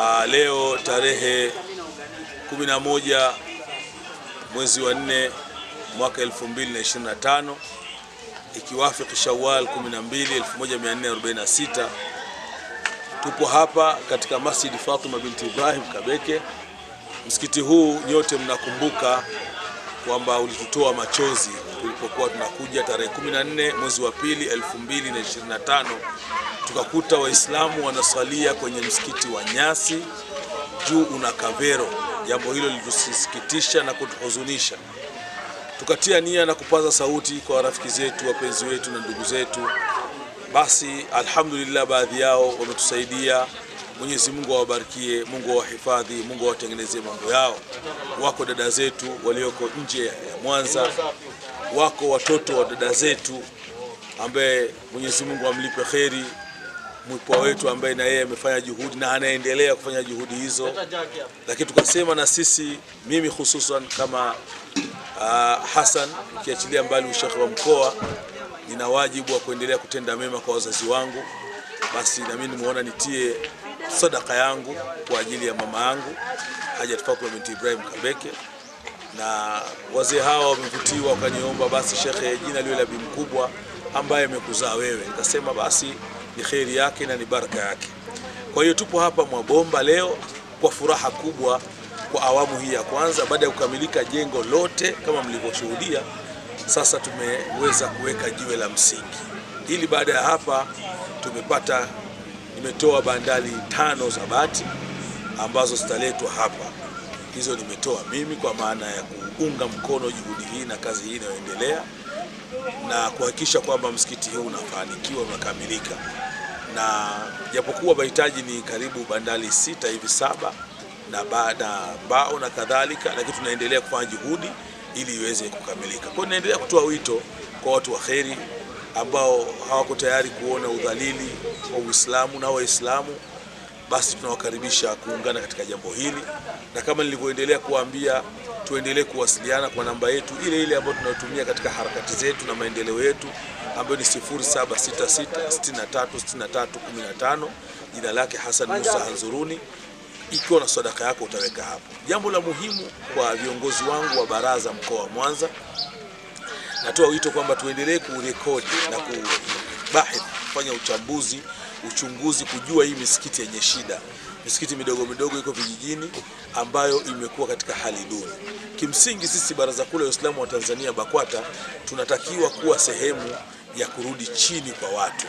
Aa, ah, leo tarehe 11 mwezi wa 4 mwaka 2025 ikiwafiki Shawwal 12 1446, tupo hapa katika Masjid Fatima binti Ibrahim Kabeke. Msikiti huu nyote mnakumbuka kwamba ulitutoa machozi tulipokuwa tunakuja tarehe 14 mwezi wa pili 2025 tukakuta Waislamu wanasalia kwenye msikiti wa nyasi, juu una kavero. Jambo hilo lilitusikitisha na kutuhuzunisha. Tukatia nia na kupaza sauti kwa rafiki zetu, wapenzi wetu na ndugu zetu. Basi alhamdulillah, baadhi yao wametusaidia. Mwenyezi Mungu awabarikie, Mungu awahifadhi, Mungu awatengenezee mambo yao. Wako dada zetu walioko nje ya Mwanza, wako watoto wa dada zetu ambaye Mwenyezi Mungu amlipe kheri mkoa wetu ambaye na yeye amefanya juhudi na anaendelea kufanya juhudi hizo, lakini tukasema na sisi, mimi hususan kama uh, Hassan, ukiachilia mbali ushehe wa mkoa, nina wajibu wa kuendelea kutenda mema kwa wazazi wangu, basi nami nimeona nitie sadaka yangu kwa ajili ya mama yangu Hajat Fatuma binti Ibrahim Kabeke na wazee hawa wamevutiwa, wakaniomba basi, shekhe, jina liwe la bi mkubwa ambaye amekuzaa wewe. Nikasema basi ni kheri yake na ni baraka yake. Kwa hiyo tupo hapa Mwabomba leo kwa furaha kubwa kwa awamu hii ya kwanza baada ya kukamilika jengo lote kama mlivyoshuhudia. Sasa tumeweza kuweka jiwe la msingi ili baada ya hapa tumepata, nimetoa bandali tano za bati ambazo zitaletwa hapa. Hizo nimetoa mimi kwa maana ya kuunga mkono juhudi hii na kazi hii inayoendelea na kuhakikisha kwamba msikiti huu unafanikiwa unakamilika, na japokuwa mahitaji ni karibu bandari sita hivi saba na mbao na kadhalika, lakini tunaendelea kufanya juhudi ili iweze kukamilika. Kwa naendelea kutoa wito kwa watu wa kheri ambao hawako tayari kuona udhalili wa Uislamu na Waislamu, basi tunawakaribisha kuungana katika jambo hili, na kama nilivyoendelea kuambia tuendelee kuwasiliana kwa namba yetu ile ile ambayo tunayotumia katika harakati zetu na maendeleo yetu ambayo ni 0766636315 jina lake Hassan Musa Hanzuruni. Ikiwa na sadaka yako utaweka hapo. Jambo la muhimu kwa viongozi wangu wa baraza mkoa wa Mwanza, natoa wito kwamba tuendelee kurekodi na kubahith, kufanya uchambuzi uchunguzi kujua hii misikiti yenye shida, misikiti midogo midogo iko vijijini ambayo imekuwa katika hali duni. Kimsingi sisi Baraza Kuu la Waislamu wa Tanzania BAKWATA tunatakiwa kuwa sehemu ya kurudi chini kwa watu.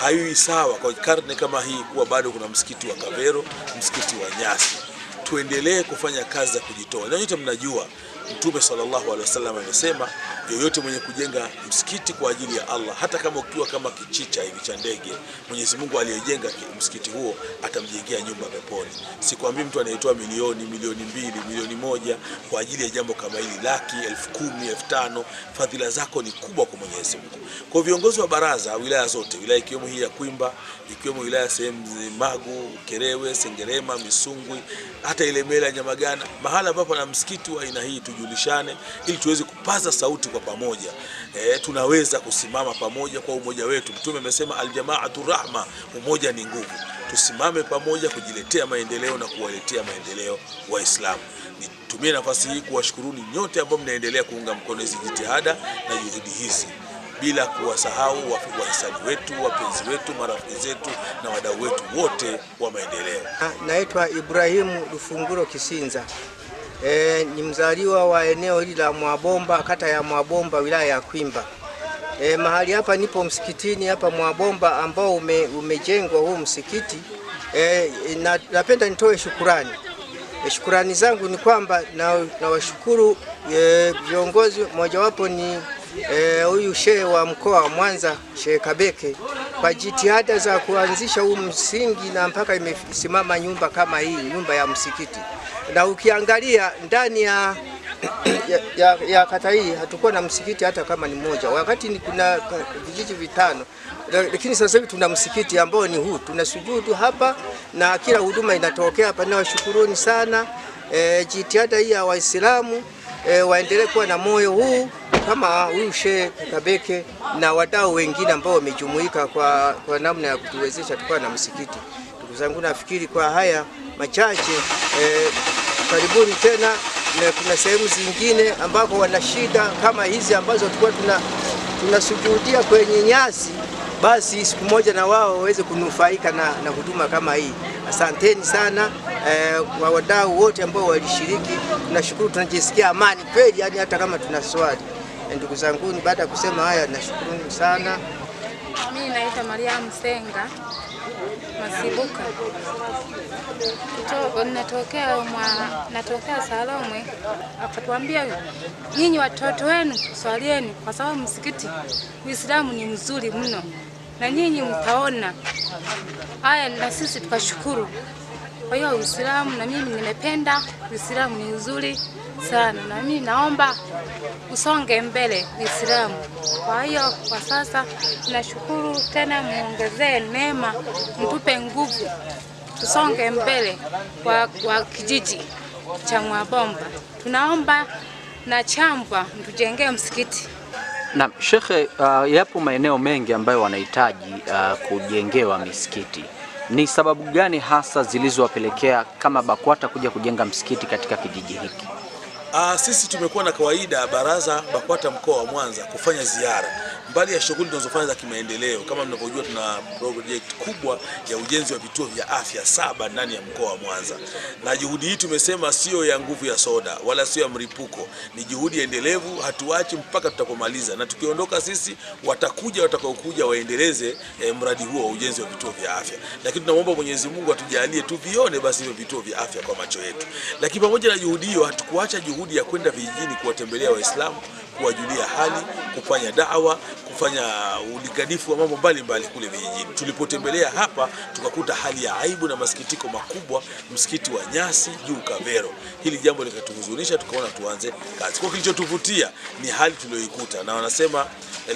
Haiwi sawa kwa karne kama hii kuwa bado kuna msikiti wa Kavero, msikiti wa Nyasi. Tuendelee kufanya kazi za kujitoa, na nyote mnajua Mtume sallallahu alaihi wasallam amesema, yoyote mwenye kujenga msikiti kwa ajili ya Allah, hata kama ukiwa kama kichicha hivi cha ndege, Mwenyezi Mungu aliyejenga msikiti huo atamjengea nyumba peponi. Sikwambii mtu anayetoa milioni milioni mbili milioni moja kwa ajili ya jambo kama hili, laki elfu kumi elfu tano fadhila zako ni kubwa kwa Mwenyezi Mungu. Kwa viongozi wa baraza wilaya zote, wilaya ikiwemo hii ya Kwimba, ikiwemo wilaya sehemu Magu, Kerewe, Sengerema, Misungwi, hata ile Mela, Nyamagana, mahala ambapo na msikiti wa aina hii tujulishane, ili tuweze kupaza sauti kwa pamoja. E, tunaweza kusimama pamoja kwa umoja wetu. Mtume amesema aljamaatu rahma, umoja ni nguvu. Tusimame pamoja kujiletea maendeleo na kuwaletea maendeleo Waislamu. Nitumie nafasi hii kuwashukuruni nyote ambao mnaendelea kuunga mkono hizi jitihada na juhudi hizi bila kuwasahau wahisani wetu, wapenzi wetu, marafiki zetu na wadau wetu wote wa maendeleo. Ah, naitwa Ibrahimu Lufunguro Kisinza. E, ni mzaliwa wa eneo hili la Mwabomba, kata ya Mwabomba, wilaya ya Kwimba. E, mahali hapa nipo msikitini hapa Mwabomba ambao ume, umejengwa huu msikiti e, na, napenda nitoe shukurani e, shukurani zangu ni kwamba nawashukuru na e, viongozi mojawapo ni e, huyu e, shehe wa mkoa wa Mwanza Shehe Kabeke kwa jitihada za kuanzisha huu msingi na mpaka imesimama nyumba kama hii, nyumba ya msikiti na ukiangalia ndani ya, ya, ya, ya kata hii hatukuwa na msikiti hata kama ni mmoja, wakati ni kuna vijiji vitano, lakini sasa hivi tuna msikiti ambao ni huu, tuna sujudu hapa na kila huduma inatokea hapa. Na washukuruni sana e, jitihada hii ya Waislamu e, waendelee kuwa na moyo huu kama huyu Shehe Kabeke na wadau wengine ambao wamejumuika kwa, kwa namna ya kutuwezesha tukawa na msikiti. Ndugu zangu, nafikiri kwa haya machache eh, karibuni tena na kuna sehemu zingine ambako wana shida kama hizi ambazo tulikuwa tuna tunasujudia kwenye nyasi, basi siku moja na wao waweze kunufaika na, na huduma kama hii. Asanteni sana eh, kwa wadau wote ambao walishiriki. Tunashukuru, tunajisikia amani kweli, yani hata kama tuna swali, eh, ndugu zanguni, baada ya kusema haya nashukuru sana. Mimi naitwa Mariamu Senga Masibuka, natokea natokea Salomwe. Akatuambia nyinyi watoto wenu swalieni, kwa sababu msikiti Uislamu ni mzuri mno na nyinyi mtaona haya, na sisi tukashukuru. Kwa hiyo Uislamu na mimi nimependa Uislamu ni mzuri sana, na mimi naomba usonge mbele Uislamu. Kwa hiyo kwa sasa tunashukuru tena, muongezee neema, mtupe nguvu, tusonge mbele kwa, kwa kijiji cha Mwabomba. Tunaomba na Chambwa mtujengee msikiti. Na shekhe, uh, yapo maeneo mengi ambayo wanahitaji uh, kujengewa misikiti. Ni sababu gani hasa zilizowapelekea kama BAKWATA kuja kujenga msikiti katika kijiji hiki? Aa, ah, sisi tumekuwa na kawaida baraza BAKWATA mkoa wa Mwanza kufanya ziara mbali ya shughuli tunazofanya za kimaendeleo. Kama mnavyojua, tuna project kubwa ya ujenzi wa vituo vya afya saba ndani ya mkoa wa Mwanza, na juhudi hii tumesema sio ya nguvu ya soda wala sio ya mripuko, ni juhudi endelevu, hatuachi mpaka tutakomaliza, na tukiondoka sisi watakuja watakaokuja waendeleze eh, mradi huo wa ujenzi wa vituo vya afya. Lakini tunamwomba Mwenyezi Mungu atujalie tuvione basi hivyo vituo vya afya kwa macho yetu, lakini pamoja na juhudi hiyo hatukuacha juhudi juhudi ya kwenda vijijini kuwatembelea Waislamu, kuwajulia hali, kufanya dawa, kufanya ulinganifu wa mambo mbalimbali kule vijijini. Tulipotembelea hapa, tukakuta hali ya aibu na masikitiko makubwa, msikiti wa nyasi juu Kavero. Hili jambo likatuhuzunisha, tukaona tuanze kazi. Kwa kilichotuvutia ni hali tuliyoikuta, na wanasema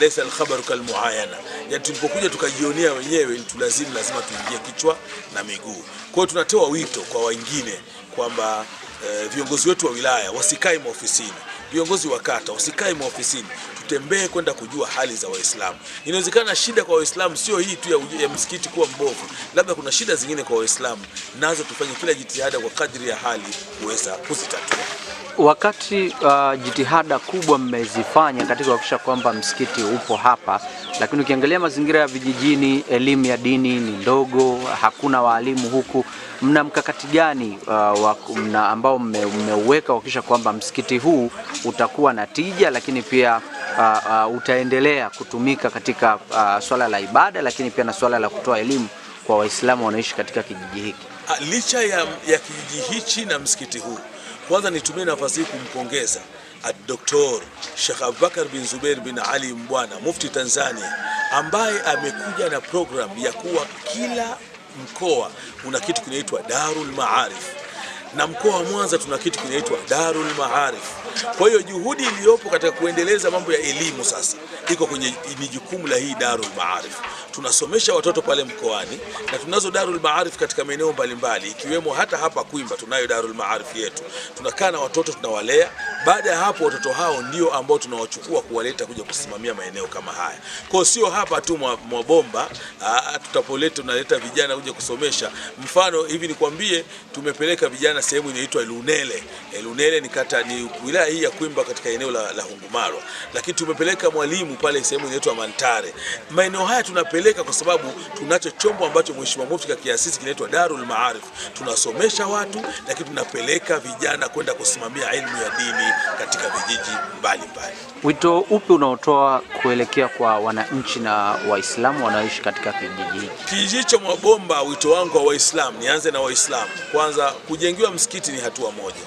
laysa alkhabaru kalmuayana, yani tulipokuja tukajionea wenyewe, tulazimu lazima tuingie kichwa na miguu. Kwa hiyo tunatoa wito kwa wengine kwamba eh, viongozi wetu wa wilaya wasikae maofisini, viongozi wa kata wasikae maofisini, tutembee kwenda kujua hali za Waislamu. Inawezekana shida kwa Waislamu sio hii tu ya, ya msikiti kuwa mbovu, labda kuna shida zingine kwa Waislamu, nazo tufanye kila jitihada kwa kadri ya hali kuweza kuzitatua. Wakati uh, jitihada kubwa mmezifanya katika kuhakikisha kwamba msikiti upo hapa lakini ukiangalia mazingira ya vijijini, elimu ya dini ni ndogo, hakuna waalimu huku. Mna mkakati gani uh, ambao mmeuweka kuhakikisha kwamba msikiti huu utakuwa na tija, lakini pia uh, uh, utaendelea kutumika katika uh, swala la ibada, lakini pia na swala la kutoa elimu kwa Waislamu wanaishi katika kijiji hiki? Ah, licha ya, ya kijiji hichi na msikiti huu, kwanza nitumie nafasi hii kumpongeza Dr. Sheikh Abubakar bin Zubair bin Ali Mbwana, Mufti Tanzania, ambaye amekuja na program ya kuwa kila mkoa una kitu kinaitwa Darul Maarif, na mkoa wa Mwanza tuna kitu kinaitwa Darul Maarif. Kwa hiyo juhudi iliyopo katika kuendeleza mambo ya elimu sasa iko kwenye ni jukumu la hii Darul Maarif. Tunasomesha watoto pale mkoani na tunazo Darul Maarif katika maeneo mbalimbali ikiwemo hata hapa Kwimba tunayo Darul Maarif yetu. Tunakaa na watoto tunawalea, baada ya hapo watoto hao ndio ambao tunawachukua kuwaleta kuja kusimamia maeneo kama haya. Kwa hiyo sio hapa tu Mwabomba tutapoleta tunaleta vijana kuja kusomesha. Mfano hivi nikwambie, tumepeleka vijana sehemu inaitwa Lunele. Eh, Lunele ni kata ni wilaya hii ya kuimba katika eneo la, la Hungumarwa, lakini tumepeleka mwalimu pale sehemu inaitwa Mantare. Maeneo haya tunapeleka kwa sababu tunacho chombo ambacho Mheshimiwa Mufti kakiasisi kinaitwa Darul Maarif. Tunasomesha watu, lakini tunapeleka vijana kwenda kusimamia elimu ya dini katika vijiji mbalimbali. Wito upi unaotoa kuelekea kwa wananchi na Waislamu wanaoishi katika kijiji hiki? Kijiji cha Mwabomba, wito wangu wa Waislamu, nianze na Waislamu kwanza. Kujengiwa msikiti ni hatua moja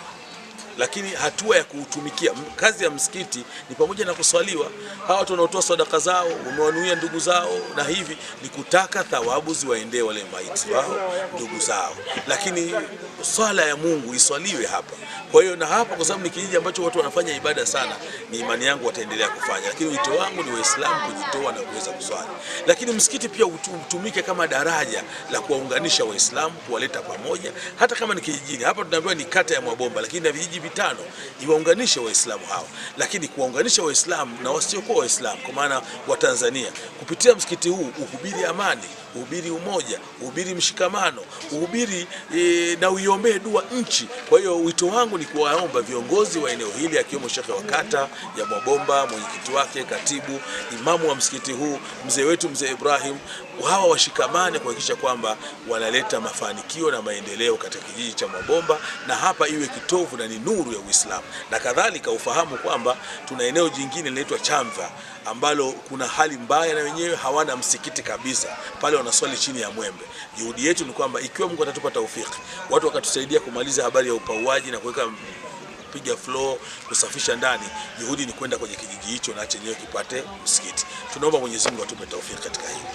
lakini hatua ya kuutumikia. Kazi ya msikiti ni pamoja na kuswaliwa. Hawa watu wanaotoa sadaka zao wamewanuia ndugu zao, na hivi ni kutaka thawabu ziwaendee wale maiti wao, ndugu zao, lakini swala ya Mungu iswaliwe hapa. Kwa hiyo na hapa, kwa sababu ni kijiji ambacho watu wanafanya ibada sana, ni imani yangu wataendelea kufanya, lakini wito wangu ni Waislamu kujitoa na kuweza kuswali. Lakini msikiti pia utumike kama daraja la kuwaunganisha Waislamu, kuwaleta pamoja, hata kama ni kijijini. Hapa tunaambiwa ni kata ya Mwabomba, lakini na vijiji vitano, iwaunganishe Waislamu hao, lakini kuwaunganisha Waislamu na wasiokuwa Waislamu, kwa maana Watanzania, kupitia msikiti huu uhubiri amani uhubiri umoja, uhubiri mshikamano, uhubiri e, na uiombee dua nchi. Kwa hiyo wito wangu ni kuwaomba viongozi wa eneo hili akiwemo shekhe wa kata ya Mwabomba, mwenyekiti wake, katibu, imamu wa msikiti huu, mzee wetu mzee Ibrahim hawa washikamane kuhakikisha kwamba wanaleta mafanikio na maendeleo katika kijiji cha Mwabomba, na hapa iwe kitovu na ni nuru ya Uislamu na kadhalika. Ufahamu kwamba tuna eneo jingine linaitwa Chamva ambalo kuna hali mbaya, na wenyewe hawana msikiti kabisa, pale wanaswali chini ya mwembe. Juhudi yetu ni kwamba ikiwa Mungu atatupa taufiki, watu wakatusaidia kumaliza habari ya upauaji na kuweka piga floor kusafisha ndani. Juhudi ni kwenda kwenye kijiji hicho na chenyewe kipate msikiti. Tunaomba Mwenyezi Mungu atupe taufiki katika hili.